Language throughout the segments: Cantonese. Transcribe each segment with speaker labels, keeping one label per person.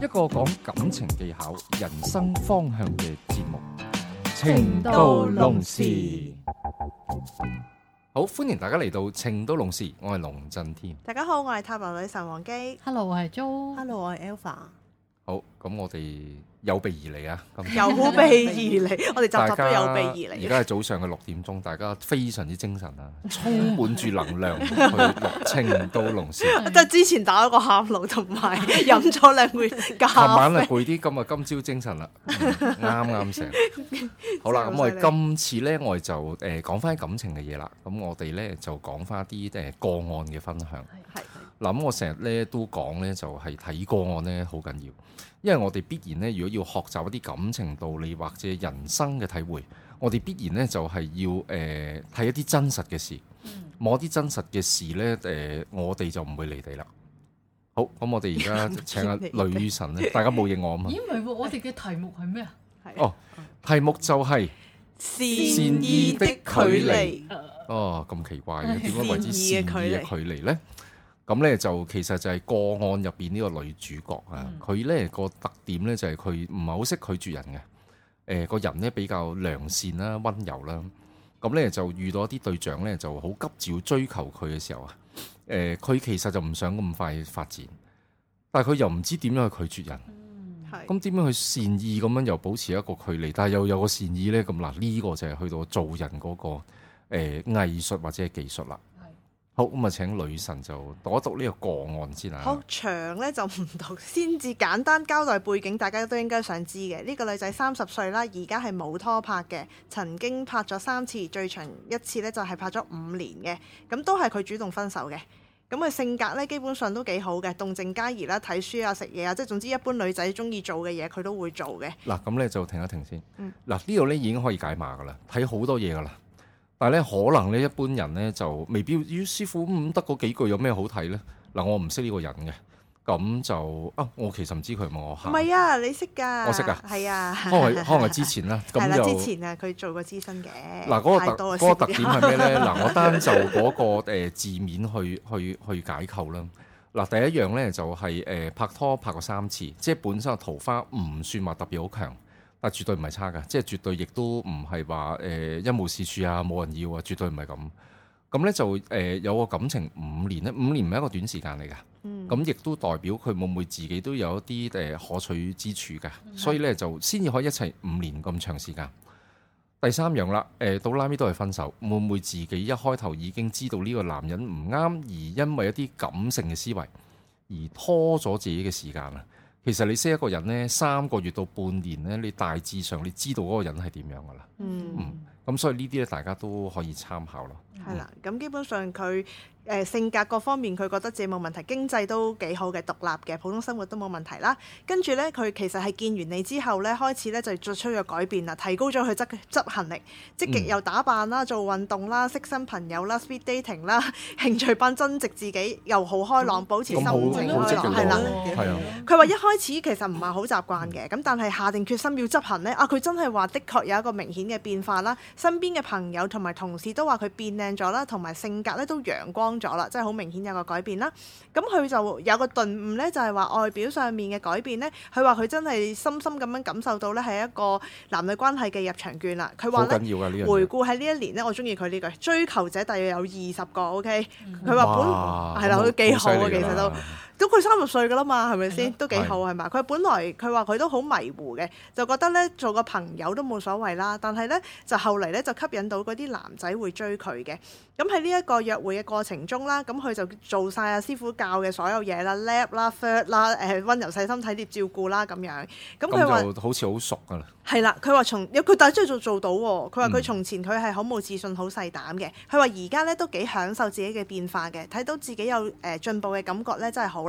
Speaker 1: 一個講感情技巧、人生方向嘅節目《情到濃時》好。好歡迎大家嚟到《情到濃時》。我係龍震天。
Speaker 2: 大家好，我係塔羅女神王姬。Hello，我係 Jo。Hello，我係 Alpha。
Speaker 1: 好，咁我哋有備而嚟啊！有備而嚟，我哋集集都有備而嚟。而家係早上嘅六點鐘，大家非常之精神啊，充滿住能量去度清都濃少，
Speaker 2: 即係 之前打咗個喊露，同埋飲咗兩杯咖啡。琴晚
Speaker 1: 攰啲，今日今朝精神啦，啱啱醒。剛剛
Speaker 2: 醒 好啦，咁我哋今
Speaker 1: 次咧，我哋就誒講翻感情嘅嘢啦。咁我哋咧就講翻啲誒個案嘅分享。係。 咁我成日咧都講咧，就係睇個案咧好緊要，因為我哋必然咧，如果要學習一啲感情道理或者人生嘅體會，我哋必然咧就係要誒睇、呃、一啲真實嘅事。嗯、摸啲真實嘅事咧，誒、呃、我哋就唔會離地啦。好，咁我哋而家請阿女神咧， 你的 大家冇應我 啊嘛？因
Speaker 2: 為我哋嘅題目係咩
Speaker 1: 啊？哦，題目就係、是、善意的距離。距離哦，咁奇怪嘅，點解為之善意嘅距離咧？咁咧就其實就係個案入邊呢個女主角啊，佢咧個特點咧就係佢唔係好識拒絕人嘅，誒、呃、個人咧比較良善啦、温柔啦，咁、嗯、咧就遇到一啲對象咧就好急著追求佢嘅時候啊，誒、呃、佢其實就唔想咁快發展，但係佢又唔知點樣去拒絕人，咁點、嗯、樣去善意咁樣又保持一個距離，但係又有個善意咧咁嗱，呢個就係去到做人嗰、那個誒、呃、藝術或者係技術啦。咁啊！請女神就攞讀呢個個案先啦、啊。好
Speaker 2: 長咧就唔讀，先至簡單交代背景，大家都應該想知嘅。呢、這個女仔三十歲啦，而家係冇拖拍嘅，曾經拍咗三次，最長一次咧就係、是、拍咗五年嘅。咁都係佢主動分手嘅。咁佢性格咧基本上都幾好嘅，動靜加而啦，睇書啊、食嘢啊，即係總之一般女仔中意做嘅嘢佢都會做嘅。
Speaker 1: 嗱、啊，咁咧就停一停先。嗱、嗯啊、呢度咧已經可以解碼噶啦，睇好多嘢噶啦。但係咧，可能咧，一般人咧就未必。於師傅唔得嗰幾句有咩好睇咧？嗱，我唔識呢個人嘅，咁就啊，我其實唔知佢係咪我客。唔係
Speaker 2: 啊，你識㗎？我識㗎。係啊可，可能可能係之前啦，咁就、啊、之前啊，佢做過諮詢嘅。嗱嗰、嗰個、個特嗰個特點係咩咧？嗱， 我單就嗰
Speaker 1: 個誒字面去去去解構啦。嗱，第一樣咧就係誒拍拖拍過三次，即係本身桃花唔算話特別好強，但係絕對唔係差嘅，即係絕對亦都唔係話誒一無是處啊，冇人要啊，絕對唔係咁。咁呢就誒、呃、有個感情五年咧，五年唔係一個短時間嚟㗎。咁亦、嗯、都代表佢會唔會自己都有一啲誒、呃、可取之處㗎？嗯、所以呢，就先至可以一齊五年咁長時間。第三樣啦，誒、呃、到拉尾都係分手，會唔會自己一開頭已經知道呢個男人唔啱，而因為一啲感性嘅思維而拖咗自己嘅時間啊？其實你識一個人呢，三個月到半年呢，你大致上你知道嗰個人係點樣㗎喇。嗯嗯。咁所以呢啲咧，大家都可以參考咯。
Speaker 2: 係啦，咁基本上佢誒性格各方面，佢覺得自己冇問題，經濟都幾好嘅，獨立嘅普通生活都冇問題啦。跟住呢，佢其實係見完你之後呢，開始呢就作出咗改變啦，提高咗佢執執行力，積極又打扮啦，做運動啦，識新朋友啦，speed dating 啦，興趣班增值自己，又好開朗，保持心情開朗係啦。佢話一開始其實唔係好習慣嘅，咁但係下定決心要執行呢。啊佢真係話的確有一個明顯嘅變化啦。身邊嘅朋友同埋同事都話佢變靚咗啦，同埋性格咧都陽光咗啦，即係好明顯有個改變啦。咁佢就有個頓悟呢，就係話外表上面嘅改變呢，佢話佢真係深深咁樣感受到呢係一個男女關係嘅入場券啦。佢話呢回顧喺呢一年呢，我中意佢呢句追求者大約有二十個。OK，佢話哇本
Speaker 1: 係啦，佢幾哇的好啊，其實都。
Speaker 2: 咁佢三十歲㗎啦嘛，係咪先？都幾好係嘛？佢是本來佢話佢都好迷糊嘅，就覺得咧做個朋友都冇所謂啦。但係咧就後嚟咧就吸引到嗰啲男仔會追佢嘅。咁喺呢一個約會嘅過程中啦，咁佢就做晒阿師傅教嘅所有嘢啦，lap 啦 f e r l 啦，誒温柔、細心、體貼、照顧啦咁樣。咁佢話
Speaker 1: 好似好熟㗎啦。
Speaker 2: 係啦，佢話從有佢第一真係做做到喎。佢話佢從前佢係好冇自信、好細膽嘅。佢話而家咧都幾享受自己嘅變化嘅，睇到自己有誒進步嘅感覺咧，真係好。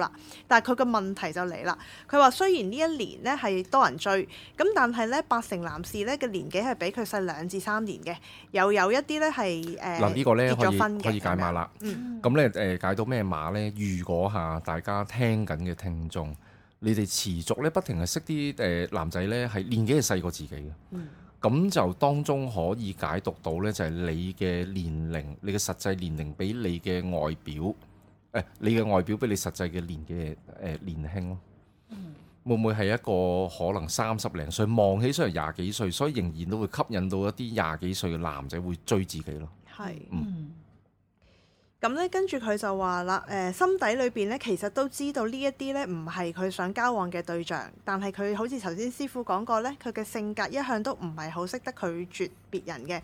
Speaker 2: 但係佢嘅問題就嚟啦。佢話雖然呢一年呢係多人追，咁但係呢八成男士呢嘅年紀係比佢細兩至三年嘅，又有一啲呢係誒，嗱、呃、呢個呢分可，可以解碼啦。嗯，
Speaker 1: 咁呢誒解到咩碼呢？如果下大家聽緊嘅聽眾，你哋持續呢不停係識啲誒男仔呢係年紀係細過自己嘅，嗯，咁就當中可以解讀到呢，就係你嘅年齡，你嘅實際年齡比你嘅外表。哎、你嘅外表比你實際嘅年紀，呃、年輕咯，會唔會係一個可能三十零歲望起上嚟廿幾歲，所以仍然都會吸引到一啲廿幾歲嘅男仔會追自己咯。
Speaker 2: 係是，嗯，咁咧跟住佢就話啦，誒、呃、心底裏邊咧其實都知道呢一啲咧唔係佢想交往嘅對象，但係佢好似頭先師傅講過呢，佢嘅性格一向都唔係好識得拒絕別人嘅。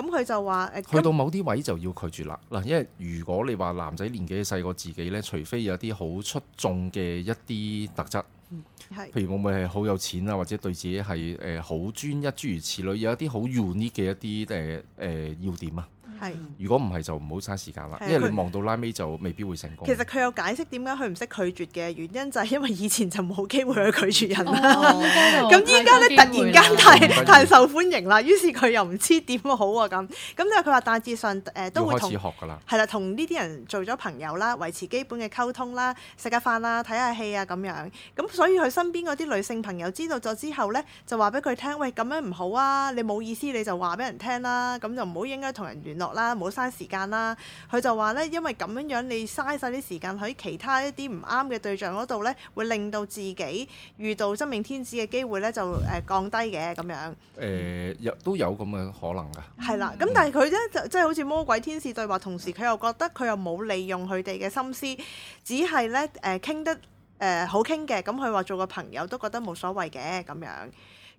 Speaker 2: 咁佢就話誒，呃、去到
Speaker 1: 某啲位就要拒絕啦。嗱，因為如果你話男仔年紀細過自己呢，除非有啲好出眾嘅一啲特質，嗯、係、
Speaker 2: 譬如會
Speaker 1: 唔會係好有錢啊，或者對自己係誒好專一諸如此類，有一啲好 unique 嘅一啲誒誒要點啊？係，如果唔係就唔好嘥時間啦，的因為你望到拉尾就未必會成功。其實
Speaker 2: 佢有解釋點解佢唔識拒絕嘅原因，就係因為以前就冇機會去拒絕人啦。咁依家咧突然間太太受歡迎啦，於是佢又唔知點好喎、啊、咁。咁咧佢話大致上誒、呃、都會同，係啦，同呢啲人做咗朋友啦，維持基本嘅溝通啦，食下飯看看啊，睇下戲啊咁樣。咁所以佢身邊嗰啲女性朋友知道咗之後咧，就話俾佢聽：喂，咁樣唔好啊，你冇意思你就話俾人聽啦，咁就唔好應該同人聯絡。啦，冇嘥時間啦。佢就話咧，因為咁樣樣你嘥晒啲時間喺其他一啲唔啱嘅對象嗰度咧，會令到自己遇到真命天子嘅機會咧，就誒降低嘅咁樣。
Speaker 1: 誒、呃，有都有咁嘅可能㗎。
Speaker 2: 係啦，咁但係佢咧就即係好似魔鬼天使對話，嗯、同時佢又覺得佢又冇利用佢哋嘅心思，只係咧誒傾得誒、呃、好傾嘅。咁佢話做個朋友都覺得冇所謂嘅咁樣。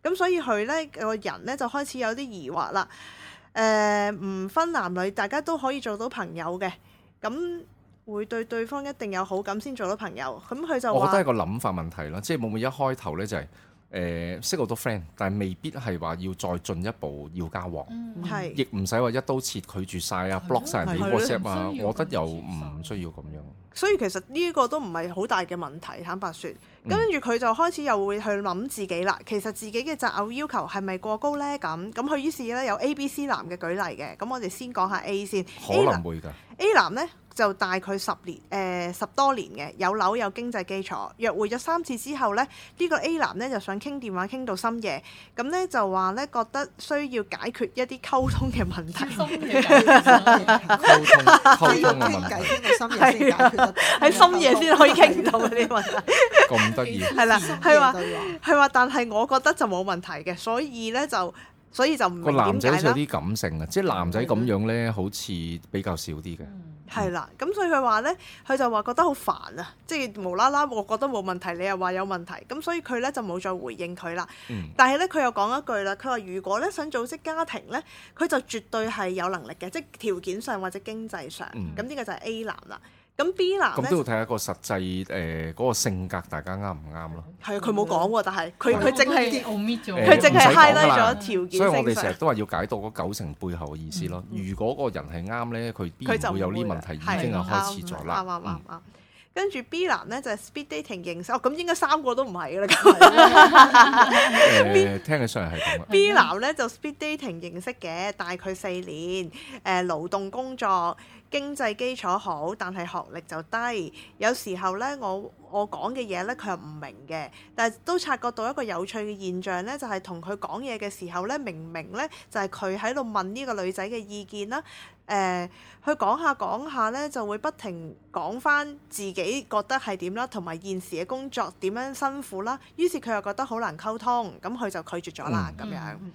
Speaker 2: 咁所以佢咧個人咧就開始有啲疑惑啦。誒唔、呃、分男女，大家都可以做到朋友嘅，咁會對對方一定有好感先做到朋友。咁佢就話，我覺得係個
Speaker 1: 諗法問題啦，即係會唔會一開頭呢，就係、是。誒識好多 friend，但係未必係話要再進一步要交往，亦唔使話一刀切拒絕晒啊，block 晒人哋 WhatsApp 啊。我覺得又唔需要咁樣。
Speaker 2: 所以其實呢個都唔係好大嘅問題。坦白説，跟住佢就開始又會去諗自己啦。其實自己嘅擇偶要求係咪過高呢？咁咁佢於是呢有 A、B、C 男嘅舉例嘅。咁我哋先講下 A 先，可能會㗎 A 男呢。就大概十年，誒、呃、十多年嘅有樓有經濟基礎，約會咗三次之後咧，呢、呢個 A 男咧就想傾電話傾到深夜，咁、嗯、咧就話咧覺得需要解決一啲溝通嘅問題， 溝通嘅要傾偈喺
Speaker 1: 深夜先解決，喺深夜
Speaker 2: 先可以傾到呢啲問題，
Speaker 1: 咁得意，係 啦，係話，
Speaker 2: 係話，但係我覺得就冇問題嘅，所以咧就。所以就唔個男仔好似有啲
Speaker 1: 感性啊，嗯、即係男仔咁樣咧，嗯、好似比較少啲嘅。
Speaker 2: 係啦的，咁、嗯、所以佢話咧，佢就話覺得好煩啊，即、就、係、是、無啦啦，我覺得冇問題，你又話有問題，咁所以佢咧就冇再回應佢啦。嗯、但係咧，佢又講一句啦，佢話如果咧想組織家庭咧，佢就絕對係有能力嘅，即、就、係、是、條件上或者經濟上。咁呢、嗯、個就係 A 男啦。咁 B 男咁都要睇
Speaker 1: 下個實際誒嗰個性格，大家啱唔啱咯？
Speaker 2: 係啊，佢冇講喎，但係佢佢淨係佢淨係 highlight 咗條件，所以我哋成日都
Speaker 1: 話要解到嗰九成背後嘅意思咯。如果個人係啱咧，佢佢就會有呢問題，已經係開始咗啦。啱啱
Speaker 2: 啱，跟住 B 男咧就 speed dating 認識哦，咁應該三個都唔係啦。咁
Speaker 1: ，B 聽起上嚟係咁。
Speaker 2: B 男咧就 speed dating 認識嘅，大佢四年，誒勞動工作。經濟基礎好，但係學歷就低。有時候咧，我我講嘅嘢咧，佢又唔明嘅。但係都察覺到一個有趣嘅現象咧，就係同佢講嘢嘅時候咧，明明咧就係佢喺度問呢個女仔嘅意見啦。誒、呃，佢講下講下咧，就會不停講返自己覺得係點啦，同埋現時嘅工作點樣辛苦啦。於是佢又覺得好難溝通，咁佢就拒絕咗啦，咁、嗯、樣。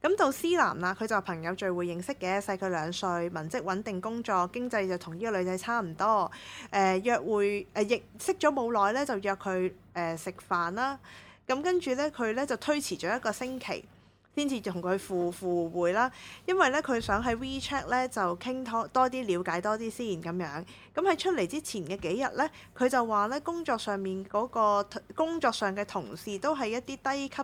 Speaker 2: 咁到思南啦，佢就朋友聚會認識嘅，細佢兩歲，文職穩定工作，經濟就同呢個女仔差唔多。誒、呃、約會誒、呃、識咗冇耐咧，就約佢誒食飯啦。咁、啊、跟住咧，佢咧就推遲咗一個星期，先至同佢赴赴會啦。因為咧，佢想喺 WeChat 咧就傾多多啲了解多啲先咁樣。咁、啊、喺出嚟之前嘅幾日咧，佢就話咧工作上面嗰、嗰個工作上嘅同事都係一啲低級。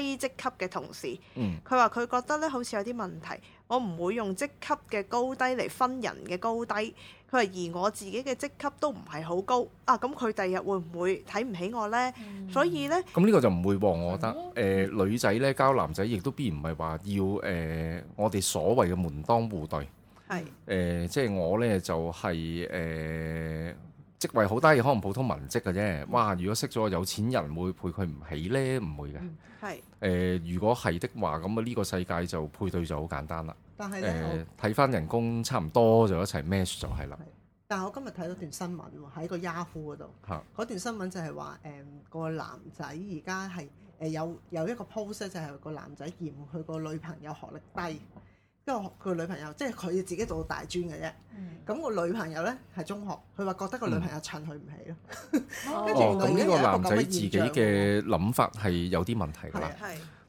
Speaker 2: 低職級嘅同事，佢話佢覺得呢好似有啲問題，我唔會用職級嘅高低嚟分人嘅高低。佢話而我自己嘅職級都唔係好高，啊咁佢第日會唔會睇唔起我呢？嗯、所以呢，
Speaker 1: 咁呢、嗯、個就唔會喎，我覺得誒、哦呃、女仔呢交男仔亦都必然唔係話要誒、呃、我哋所謂嘅門當戶對係是、呃、即係我呢就係、是、誒。呃職位好低，可能普通文職嘅啫。哇！如果識咗有錢人，會配佢唔起呢？唔會嘅。係、嗯呃。如果係的話，咁啊呢個世界就配對就好簡單啦。但係咧，睇翻人工差唔多就一齊 match 就係啦。
Speaker 2: 但係我今日睇到段新聞喺個 Yahoo 嗰度，嗰、ah、是段新聞就係話誒個男仔而家係誒有有一個 post 就係個男仔嫌佢個女朋友學歷低。因為佢女朋友即係佢自己做大專嘅啫，咁個、嗯、女朋友呢，係中學，佢話覺得個女朋友襯佢唔起咯。跟住原來呢個男仔自己嘅
Speaker 1: 諗法係有啲問題㗎啦。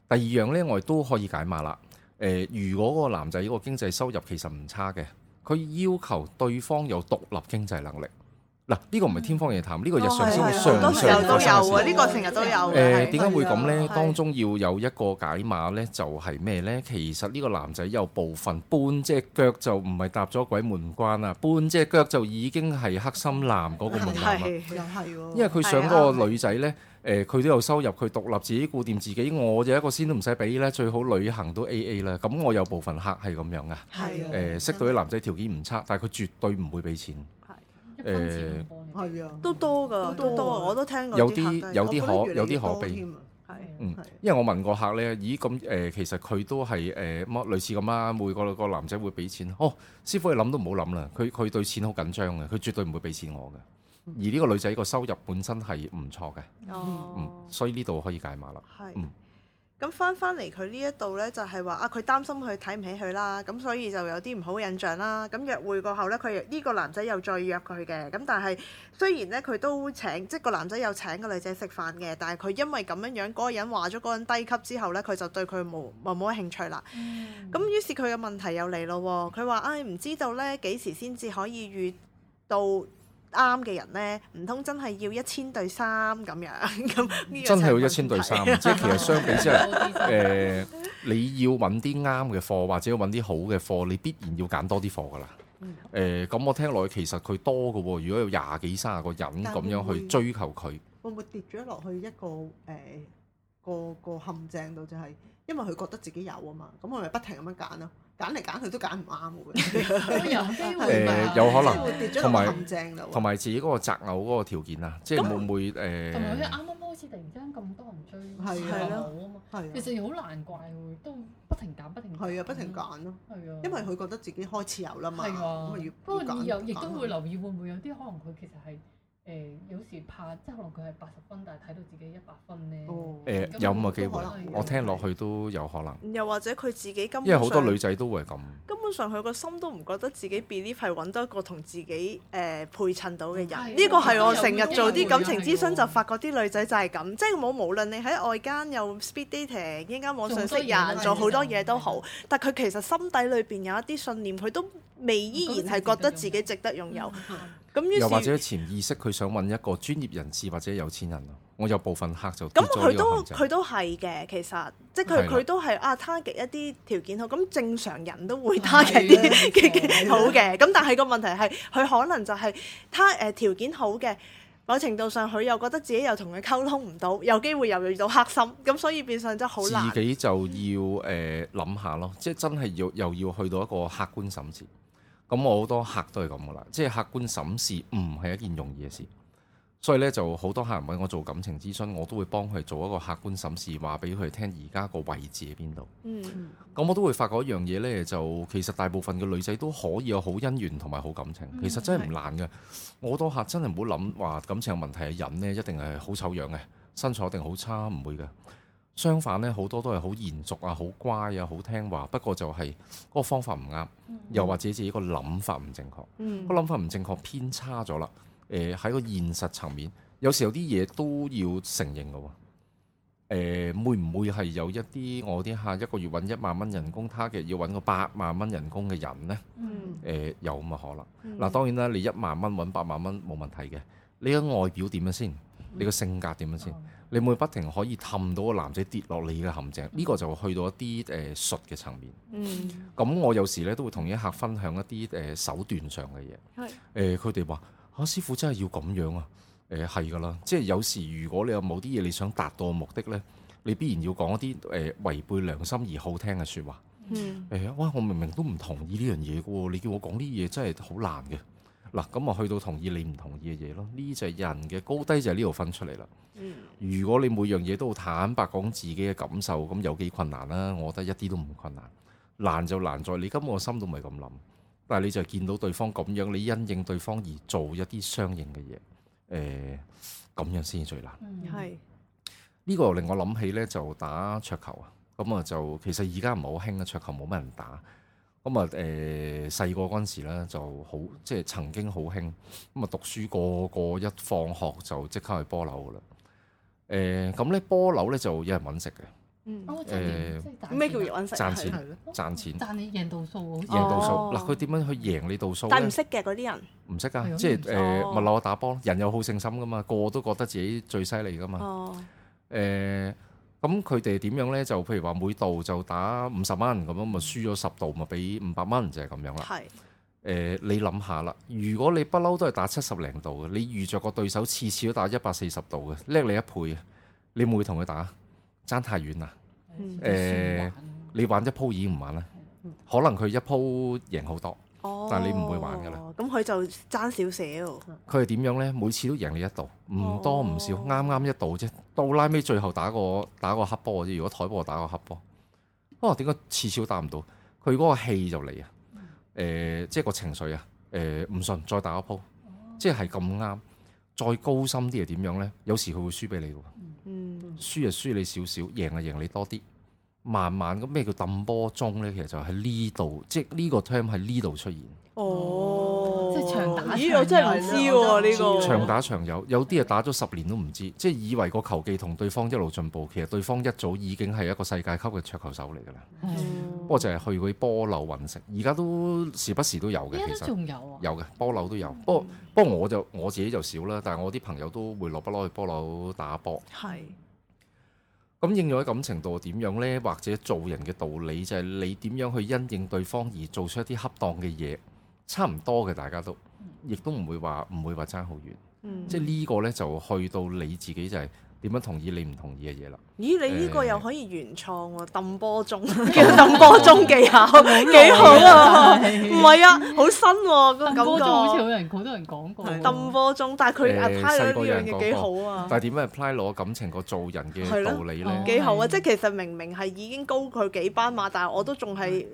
Speaker 1: 第二樣呢，我哋都可以解碼啦。誒、呃，如果個男仔個經濟收入其實唔差嘅，佢要求對方有獨立經濟能力。嗱，呢個唔係天方夜譚，呢、這個日常生活、哦、上，上，上，上，上都有事。呢個成日都有。誒，點解、呃、會咁呢？啊、當中要有一個解碼呢，就係、是、咩呢？其實呢個男仔有部分半隻腳就唔係踏咗鬼門關啦，半隻腳就已經係黑心男嗰個門檻啦。啊、
Speaker 2: 因為佢想嗰個女
Speaker 1: 仔呢，誒、啊，佢、呃、都有收入，佢獨立自己顧掂自己，我有一個先都唔使俾呢，最好旅行都 A A 啦。咁我有部分客係咁樣噶。係、啊。誒、呃，識到啲男仔條件唔差，但係佢絕對唔會俾錢。誒
Speaker 2: 係啊，嗯、都多㗎，都對多，多我都聽過有啲些有啲可有啲可悲添
Speaker 1: 了嗯，的因為我問過客咧，咦咁，誒，其實佢都係誒乜類似咁啦，每個個男仔會俾錢，哦，師傅你諗都唔好諗啦，佢佢對錢好緊張嘅，佢絕對唔會俾錢我嘅，而呢個女仔個收入本身係唔錯嘅，哦、嗯，所以呢度可以解碼啦，係，嗯。
Speaker 2: 咁翻翻嚟佢呢一度呢，就係話啊，佢擔心佢睇唔起佢啦，咁所以就有啲唔好印象啦。咁約會過後呢，佢呢個男仔又再約佢嘅，咁但係雖然呢，佢都請，即係個男仔又請個女仔食飯嘅，但係佢因為咁樣樣，嗰個人話咗嗰人低級之後呢，佢就對佢冇冇乜興趣啦。咁於是佢嘅問題又嚟咯，佢話唉，唔知道呢，幾時先至可以遇到啱嘅人呢，唔通真係要一千對三咁樣咁 真係要一
Speaker 1: 千對三？即係 其實相比之下，誒、 呃，你要揾啲啱嘅貨或者揾啲好嘅貨，你必然要揀多啲貨噶啦。誒、嗯，咁、呃、我聽落去其實佢多噶喎，如果有廿幾三十個人咁樣去追求佢，
Speaker 2: 會唔會跌咗落去一個誒、呃、個個陷阱度、就係？就係因為佢覺得自己有啊嘛，咁我咪不停咁樣揀咯。揀嚟揀去都揀唔啱喎，又驚誒有可能同埋同
Speaker 1: 埋自己嗰個擇偶嗰個條件啊，即係會唔會誒？同埋佢啱
Speaker 2: 啱開始突然之間咁多人追，咁好
Speaker 1: 啊，其實好難怪，會都不停揀不停。係啊，不停揀咯。係啊，因
Speaker 2: 為佢覺得自己開始有啦嘛，咁啊不過有，亦都會留意，會唔會有啲可能佢其實係。誒、欸、有時怕，即係可能佢係八十分，但係睇到自己一百分呢，誒有咁嘅機會，我聽落
Speaker 1: 去都有可能。又或者佢自己根本因為好多女仔都會咁。
Speaker 2: 根本上佢個心都唔覺得自己 believe 係揾到一個同自己誒配襯到嘅人。呢個係我成日做啲感情諮詢會就發覺啲女仔就係咁，即係冇無論你喺外間又 speed dating，依家網上識人，做好多嘢都好。但佢其實心底裏邊有一啲信念，佢都未依然係覺得自己值得擁有。嗯又或者
Speaker 1: 潛意識佢想揾一個專業人士或者有錢人，我有部分客就咁，佢都佢
Speaker 2: 都係嘅，其實即係佢佢都係啊 target 一啲條件好，咁正常人都會 target 啲嘅好嘅，咁但係個問題係佢可能就係、是、target、呃、條件好嘅某程度上，佢又覺得自己又同佢溝通唔到，有機會又，又遇到黑心，咁所以變相真係好難。自己
Speaker 1: 就要誒諗、呃、下咯，即係真係要又要去到一個客觀審視。咁我好多客都係咁噶啦，即係客觀審視唔係一件容易嘅事，所以呢，就好多客人揾我做感情諮詢，我都會幫佢做一個客觀審視，話俾佢聽而家個位置喺邊度。嗯，咁我都會發覺一樣嘢呢，就其實大部分嘅女仔都可以有好姻緣同埋好感情，嗯、其實真係唔難噶。的我好多客真係唔好諗話感情有問題嘅人呢，一定係好醜樣嘅，身材一定好差，唔會嘅。相反咧，好多都係好賢淑啊，好乖啊，好聽話。不過就係嗰個方法唔啱，嗯、又或者自己個諗法唔正確。嗯、個諗法唔正確，偏差咗啦。誒、呃、喺個現實層面，有時候啲嘢都要承認嘅。誒、呃、會唔會係有一啲我啲客一個月揾一萬蚊人工，他嘅要揾個八萬蚊人工嘅人呢？誒、嗯呃、有咁嘅可能。嗱、嗯、當然啦，你一萬蚊揾八萬蚊冇問題嘅。你個外表點樣先？你個性格點樣先？哦、你會不停可以氹到個男仔跌落你嘅陷阱，呢、嗯、個就會去到一啲誒、呃、術嘅層面。咁、嗯、我有時咧都會同一客分享一啲誒、呃、手段上嘅嘢。誒佢哋話：啊師傅真係要咁樣啊！誒係噶啦，即係有時如果你有某啲嘢你想達到的目的咧，你必然要講一啲誒、呃、違背良心而好聽嘅説話。誒、嗯呃、哇！我明明，明都唔同意呢樣嘢噶喎，你叫我講啲嘢真係好難嘅。嗱，咁啊去到同意你唔同意嘅嘢咯，呢就係人嘅高低就係呢度分出嚟啦。嗯，如果你每樣嘢都坦白講自己嘅感受，咁有幾困難啦、啊？我覺得一啲都唔困難，難就難在你根本個心都唔係咁諗，但係你就見到對方咁樣，你因應對方而做一啲相應嘅嘢，誒、呃，咁樣先至最難。嗯，係。呢個又令我諗起呢，就打桌球啊，咁啊就其實而家唔係好興啊，桌球冇乜人打。咁啊誒細個嗰陣時咧就好，即係曾經好興。咁啊讀書個個一放學就即刻去波樓噶啦。誒咁咧，波樓咧就有人搵食嘅。嗯。
Speaker 2: 誒咩叫搵食？賺錢，
Speaker 1: 賺錢。
Speaker 2: 賺你贏度數。贏度數。嗱，
Speaker 1: 佢點樣去贏你度數？但唔識嘅嗰啲人。唔識噶，即係誒物流打波，人有好勝心噶嘛，個個都覺得自己最犀利噶嘛。哦。誒。咁佢哋點樣呢？就譬如話每度就打五十蚊咁樣，咪輸咗十度咪俾五百蚊，就係咁樣啦。係是、呃，你諗下啦，如果你不嬲都係打七十零度嘅，你遇着個對手次次都打一百四十度嘅，叻你一倍你唔會同佢打，爭太遠啦。誒、嗯呃，你玩一鋪已經唔玩啦，可能佢一鋪贏好多。但係你唔會玩㗎啦，
Speaker 2: 咁佢、哦、就爭少少。
Speaker 1: 佢係點樣咧？每次都贏你一度，唔多唔少，啱啱、哦、一度啫。到拉尾最後打個打個黑波啫。如果台波打個黑波，哦，點解次次都打唔到？佢嗰個氣就嚟啊！誒、嗯呃，即係個情緒啊！誒、呃，唔信再打一鋪，哦、即係咁啱，再高深啲係點樣咧？有時佢會輸俾你㗎，輸就輸你少少，贏就贏你多啲。慢慢咁，咩叫揼波鐘呢？其實就喺呢度，即係呢個 term 喺呢度出現。哦，
Speaker 2: 即係長打長有，真係唔知呢、啊呢個。長打
Speaker 1: 長有，有啲啊打咗十年都唔知，即係以為個球技同對方一路進步，其實對方一早已經係一個世界級嘅桌球手嚟㗎啦。嗯、不過就係去嗰啲波樓揾食，而家都時不時都有嘅。麼其實仲有有嘅波樓都有，嗯、不過不過我就我自己就少啦，但係我啲朋友都會落不落去波樓打波。係。咁應用喺感情度點樣呢？或者做人嘅道理就係你點樣去因應對方而做出一啲恰當嘅嘢，差唔多嘅大家都，亦都唔會話唔會話差好遠。嗯、即係呢個呢，就去到你自己就係、是。點樣同意你唔同意嘅嘢啦？咦，你呢個又可
Speaker 2: 以原創喎，揼波鐘，叫揼波鐘技巧，幾好啊！唔係啊，好新喎，個感覺。好似好多人講過。揼波鐘，但係佢 apply 呢樣嘢幾好啊！但係點
Speaker 1: 樣 apply 攞感情個做人嘅道理咧？幾好
Speaker 2: 啊！即係其實明明係已經高佢幾班馬，但係我都仲係。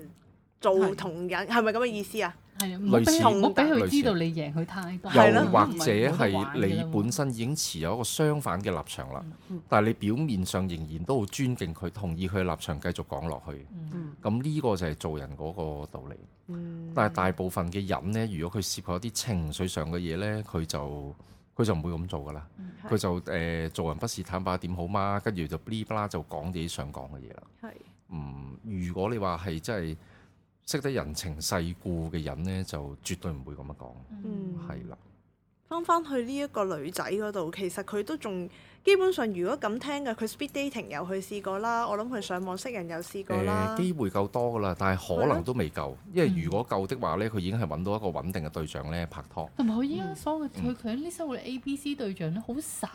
Speaker 2: 做同人係咪咁嘅意思啊？係啊似，唔俾唔俾佢知道你贏佢太多，又或者係你本
Speaker 1: 身已經持有一個相反嘅立場啦。嗯嗯、但係你表面上仍然都好尊敬佢，同意佢嘅立場，繼續講落去。嗯，咁呢個就係做人嗰個道理。嗯、但係大部分嘅人呢，如果佢涉及一啲情緒上嘅嘢呢，佢就佢就唔會咁做噶啦。佢、嗯、就誒、呃、做人不是坦白點好嗎？跟住就噼哩啪啦就講自己想講嘅嘢啦。是嗯，如果你話係真係。識得人情世故嘅人呢，就絕對唔會咁樣講，嗯，係啦。
Speaker 2: 翻翻去呢一個女仔嗰度，其實佢都仲基本上，如果咁聽嘅，佢 speed dating 又去試過啦。我諗佢上網識人又試過啦。機
Speaker 1: 會夠多㗎啦，但係可能都未夠，因為如果夠的話呢，佢已經係搵到一個穩定嘅對象呢。拍拖。
Speaker 2: 同埋可以啊，所以佢佢呢三對 A、B、C 對象呢，好散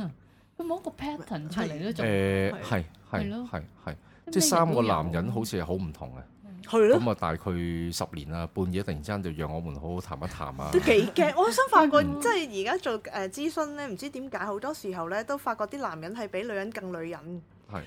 Speaker 2: 啊，佢冇一個 pattern 出嚟係係係係，
Speaker 1: 即係三個男人好似係好唔同嘅。係咯，咁啊大概十年啦，半夜突然之間就讓我們好好談一談啊！都幾
Speaker 2: 驚。 我想發覺 即係而家做誒諮詢咧，唔知點解好多時候咧都發覺啲男人係比女人更女人。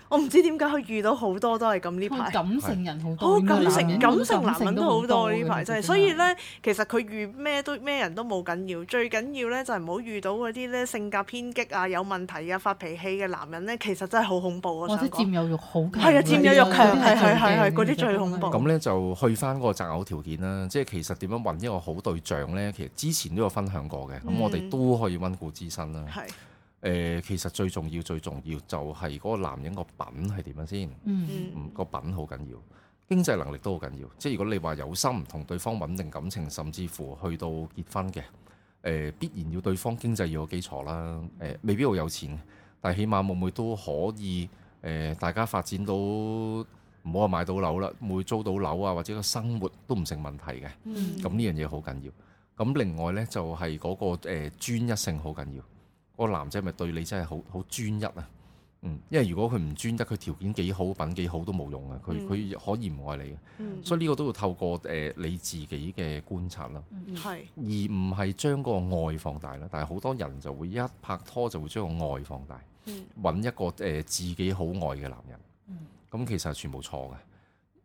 Speaker 2: 我唔知點解佢遇到好多都係咁呢排，感性人好多，好感性，感性男人都好多呢排真係。所以呢，其實佢遇咩都咩人都冇緊要，最緊要呢，就係唔好遇到嗰啲呢，性格偏激啊、有問題啊、發脾氣嘅男人呢，其實真係好恐怖啊！我想講佔有
Speaker 1: 欲好強，係啊，佔有欲強，係係係係，嗰啲最恐怖。咁呢，就去翻嗰個擇偶條件啦，即係其實點樣揾一個好對象呢？其實之前都有分享過嘅，咁我哋都可以溫故知新啦。誒，其實最重要、最重要就係嗰個男人品、嗯、個品係點樣先？嗯嗯，個品好緊要，經濟能力都好緊要。即係如果你話有心同對方穩定感情，甚至乎去到結婚嘅，誒、呃、必然要對方經濟要有基礎啦。誒、呃、未必好有錢，但係起碼會唔會都可以誒、呃，大家發展到唔好話買到樓啦，會租到樓啊，或者個生活都唔成問題嘅。嗯，咁呢樣嘢好緊要。咁另外呢，就係、是、嗰、那個誒、呃、專一性好緊要。個男仔係咪對你真係好好專一啊？嗯，因為如果佢唔專一，佢條件幾好，品幾好都冇用啊。佢佢、嗯、可以唔愛你，嗯、所以呢個都要透過誒、呃、你自己嘅觀察啦，嗯、而唔係將個愛放大啦。但係好多人就會一拍拖就會將個愛放大，揾、嗯、一個誒、呃、自己好愛嘅男人咁，嗯、其實係全部錯嘅，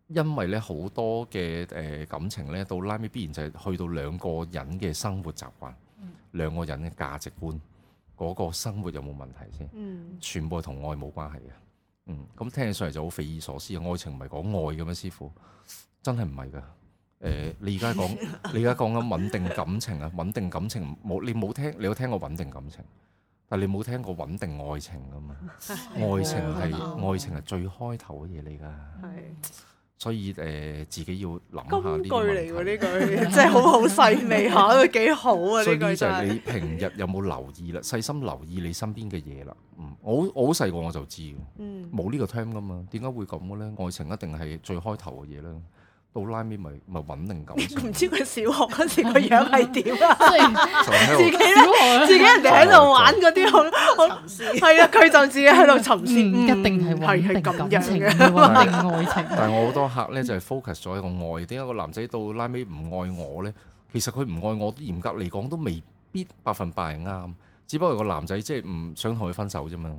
Speaker 1: 因為呢好多嘅誒、呃、感情呢，到拉尾必然就係去到兩個人嘅生活習慣，嗯、兩個人嘅價值觀。嗰個生活有冇問題先、嗯？嗯，全部係同愛冇關係嘅。嗯，咁聽起上嚟就好匪夷所思啊！愛情唔係講愛嘅咩，師傅？真係唔係㗎。誒、呃，你而家講你而家講緊穩定感情啊， 穩定感情冇你冇聽，你有聽過穩定感情？但係你冇聽過穩定愛情㗎嘛？
Speaker 2: 愛情係 愛
Speaker 1: 情係最開頭嘅嘢嚟㗎。 係。所以誒、呃，自己要諗下呢句嚟喎，呢句真係好好細味下都幾 好啊！呢句真係。所以就係你平日有冇留意啦， 細心留意你身邊嘅嘢啦。嗯，我我好細個我就知，嗯，冇呢個 theme 噶嘛，點解會咁嘅咧？愛情一定係最開頭嘅嘢啦。到拉尾咪咪穩定感，唔、
Speaker 2: 嗯、知佢小學嗰時個樣係點啊？ 自己呢 自己人哋喺度玩嗰啲好好先，啊，佢就自己喺度沉思，嗯嗯、一定係穩定感情、穩愛、嗯、情。 對但係我好多
Speaker 1: 客咧就係、是、focus 咗在個愛，點解個男仔到拉尾唔愛我咧？其實佢唔愛我，嚴格嚟講都未必百分百係啱，只不過個男仔即係唔想同佢分手啫嘛。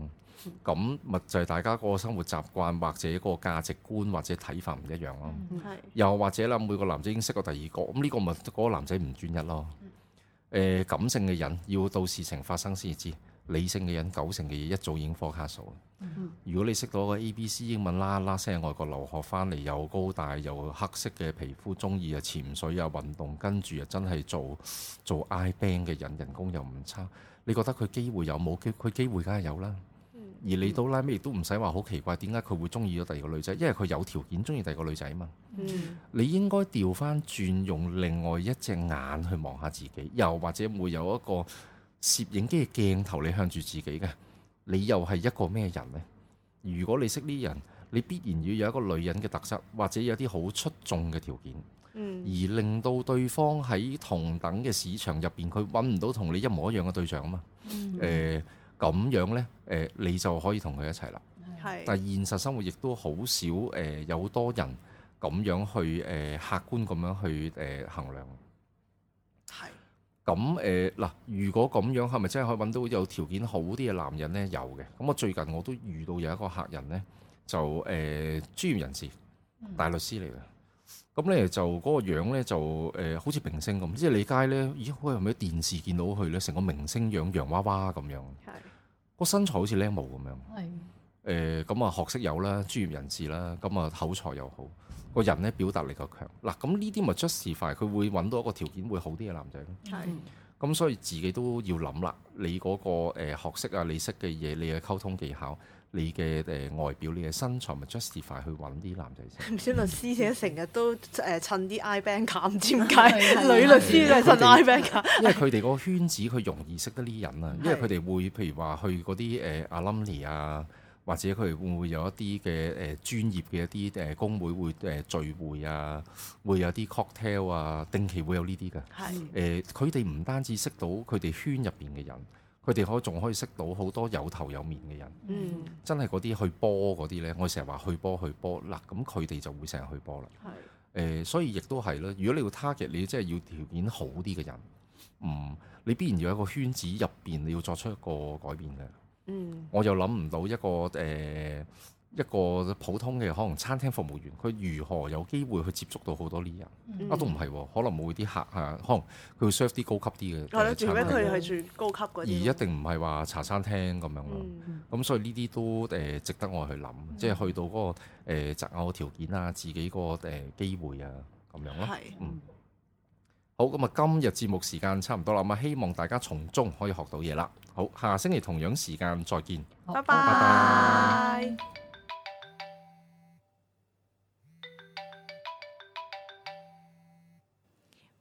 Speaker 1: 咁咪就係大家個生活習慣，或者個價值觀，或者睇法唔一樣咯。嗯、又或者啦，每個男仔已經識過第二個咁，呢個咪嗰個男仔唔專一咯。誒、嗯呃，感性嘅人要到事情發生先至知，理性嘅人九成嘅嘢一早已經 forecast。嗯、哼如果你識到個 ABC 英文啦啦聲，外國留學翻嚟又高大又黑色嘅皮膚，中意啊潛水啊運動，跟住啊真係做做 I-Bank 嘅人，人工又唔差，你覺得佢機會有冇？佢佢機會梗係有啦。而你到拉尾亦都唔使話好奇怪，點解佢會中意咗第二個女仔？因為佢有條件中意第二個女仔啊嘛。嗯，你應該調翻轉用另外一隻眼去望下自己，又或者會有一個攝影機嘅鏡頭你向住自己嘅，你又係一個咩人呢？如果你識呢人，你必然要有一個女人嘅特色，或者有啲好出眾嘅條件。嗯，而令到對方喺同等嘅市場入邊，佢揾唔到同你一模一樣嘅對象啊嘛。嗯，呃咁樣咧，誒，你就可以同佢一齊啦。係，但係現實生活亦都好少誒，有多人咁樣去誒，客觀咁樣去誒衡量。係。咁誒嗱，如果咁樣，係咪真係可以揾到有條件好啲嘅男人咧？有嘅。咁我最近我都遇到有一個客人咧，就誒專業人士大律師嚟嘅。咁咧就嗰個樣咧就誒好似明星咁，即係你街咧，咦？好耐未喺電視見到佢咧，成個明星樣洋娃娃咁樣。個身材好似靚模咁樣，誒咁啊學識有啦，專業人士啦，咁啊口才又好，個人咧表達力又強，嗱咁呢啲咪出事快，佢會揾到一個條件會好啲嘅男仔咯，咁的所以自己都要諗啦，你嗰個誒學識啊，你識嘅嘢，你嘅溝通技巧。你嘅誒外表、你嘅身材，咪 justify 去揾啲男仔
Speaker 2: 先。唔少律師，姐成日都誒、呃、趁啲 I-Bank 㗎，唔知點解？女律師都係對趁 I-Bank 㗎。因為
Speaker 1: 佢哋個圈子佢容易識得呢啲人啊，因為佢哋會譬如話去嗰啲誒 alumni 啊，呃、的或者佢會唔會有一啲嘅誒專業嘅一啲誒公會會誒聚會啊，會有啲 cocktail 啊，定期會有呢啲嘅。係誒的，佢哋唔單止識到佢哋圈入邊嘅人。佢哋可仲可以識到好多有頭有面嘅人，嗯、真係嗰啲去波嗰啲呢。我成日話去波去波，嗱咁佢哋就會成日去波啦。係是、呃，所以亦都係啦，如果你要 target，你真係要條件好啲嘅人，嗯，你必然要有一個圈子入邊，你要作出一個改變嘅。嗯，我又諗唔到一個誒。呃一個普通嘅可能餐廳服務員，佢如何有機會去接觸到好多呢人、嗯、啊？都唔係、哦，可能冇啲客嚇、啊，可能佢 serve 啲高級啲嘅。除非佢係算高級嗰啲。
Speaker 2: 而一
Speaker 1: 定唔係話茶餐廳咁樣咯。咁、嗯、所以呢啲都誒、呃、值得我去諗，嗯、即係去到嗰、那個誒、呃、擇偶條件啊，自己個誒、呃、機會啊咁樣咯。係嗯好咁啊！是嗯、今日節目時間差唔多啦，咁希望大家從中可以學到嘢啦。好，下星期同樣時間再見，
Speaker 2: 好拜拜。